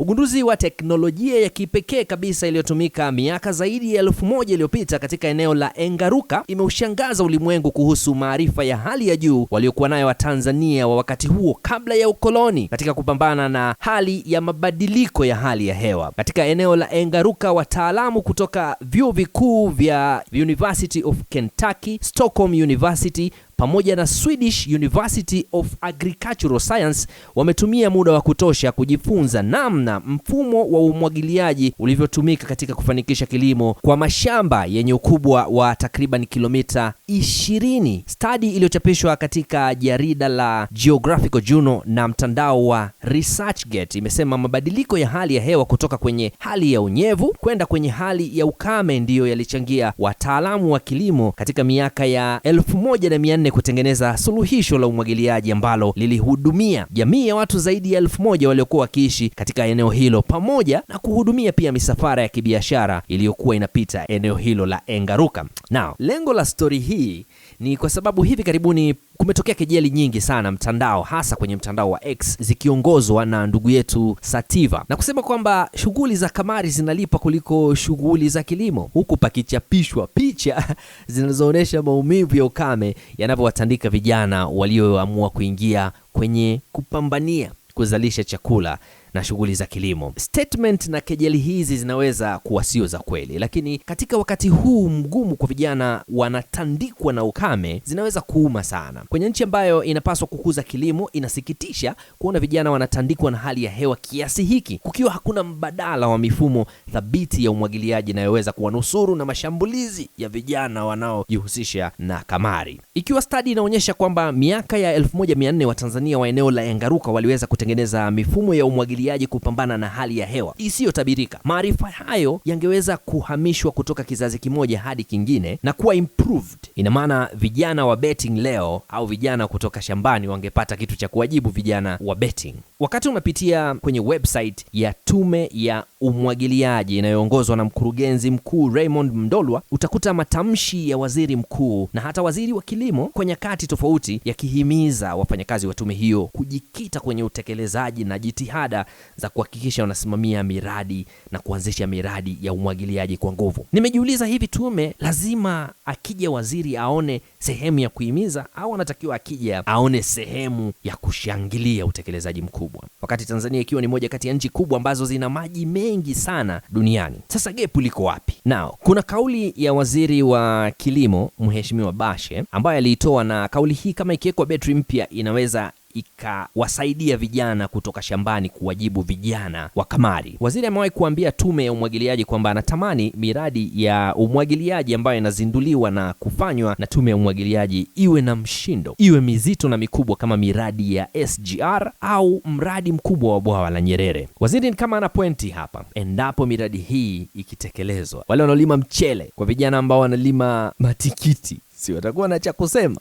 Ugunduzi wa teknolojia ya kipekee kabisa iliyotumika miaka zaidi ya elfu moja iliyopita katika eneo la Engaruka imeushangaza ulimwengu kuhusu maarifa ya hali ya juu waliokuwa nayo Watanzania wa wakati huo kabla ya ukoloni katika kupambana na hali ya mabadiliko ya hali ya hewa. Katika eneo la Engaruka, wataalamu kutoka vyuo vikuu vya University of Kentucky, Stockholm University pamoja na Swedish University of Agricultural Science wametumia muda wa kutosha kujifunza namna mfumo wa umwagiliaji ulivyotumika katika kufanikisha kilimo kwa mashamba yenye ukubwa wa takriban kilomita 20. Stadi iliyochapishwa katika jarida la Geographical Journal na mtandao wa ResearchGate imesema mabadiliko ya hali ya hewa kutoka kwenye hali ya unyevu kwenda kwenye hali ya ukame ndiyo yalichangia wataalamu wa kilimo katika miaka ya 1400 Marekani kutengeneza suluhisho la umwagiliaji ambalo lilihudumia jamii ya watu zaidi ya elfu moja waliokuwa wakiishi katika eneo hilo pamoja na kuhudumia pia misafara ya kibiashara iliyokuwa inapita eneo hilo la Engaruka. Now, lengo la stori hii ni kwa sababu hivi karibuni Kumetokea kejeli nyingi sana mtandao, hasa kwenye mtandao wa X zikiongozwa na ndugu yetu Sativa na kusema kwamba shughuli za kamari zinalipa kuliko shughuli za kilimo, huku pakichapishwa picha zinazoonyesha maumivu ya ukame yanavyowatandika vijana walioamua kuingia kwenye kupambania kuzalisha chakula na shughuli za kilimo. Statement na kejeli hizi zinaweza kuwa sio za kweli, lakini katika wakati huu mgumu kwa vijana wanatandikwa na ukame, zinaweza kuuma sana. Kwenye nchi ambayo inapaswa kukuza kilimo, inasikitisha kuona vijana wanatandikwa na hali ya hewa kiasi hiki, kukiwa hakuna mbadala wa mifumo thabiti ya umwagiliaji inayoweza kuwanusuru na mashambulizi ya vijana wanaojihusisha na kamari. Ikiwa stadi inaonyesha kwamba miaka ya 1400 Tanzania wa eneo la Engaruka waliweza kutengeneza mifumo ya umwagiliaji uingiliaji kupambana na hali ya hewa isiyotabirika. Maarifa hayo yangeweza kuhamishwa kutoka kizazi kimoja hadi kingine na kuwa improved. Ina maana vijana wa betting leo au vijana kutoka shambani wangepata kitu cha kuwajibu vijana wa betting. Wakati unapitia kwenye website ya Tume ya Umwagiliaji inayoongozwa na mkurugenzi mkuu Raymond Mdolwa, utakuta matamshi ya waziri mkuu na hata waziri wa kilimo kwa nyakati tofauti yakihimiza wafanyakazi wa tume hiyo kujikita kwenye utekelezaji na jitihada za kuhakikisha wanasimamia miradi na kuanzisha miradi ya umwagiliaji kwa nguvu. Nimejiuliza, hivi tume lazima akija waziri aone sehemu ya kuhimiza au anatakiwa akija aone sehemu ya kushangilia utekelezaji mkubwa, wakati Tanzania ikiwa ni moja kati ya nchi kubwa ambazo zina maji mengi sana duniani? Sasa gepu liko wapi? Nao kuna kauli ya waziri wa kilimo Mheshimiwa Bashe ambayo aliitoa, na kauli hii kama ikiwekwa betri mpya inaweza ikawasaidia vijana kutoka shambani kuwajibu vijana wa kamari. Waziri amewahi kuambia tume ya umwagiliaji kwamba anatamani miradi ya umwagiliaji ambayo inazinduliwa na kufanywa na tume ya umwagiliaji iwe na mshindo, iwe mizito na mikubwa kama miradi ya SGR au mradi mkubwa wa bwawa la Nyerere. Waziri ni kama ana pointi hapa, endapo miradi hii ikitekelezwa, wale wanaolima mchele, kwa vijana ambao wanalima matikiti, si watakuwa na cha kusema?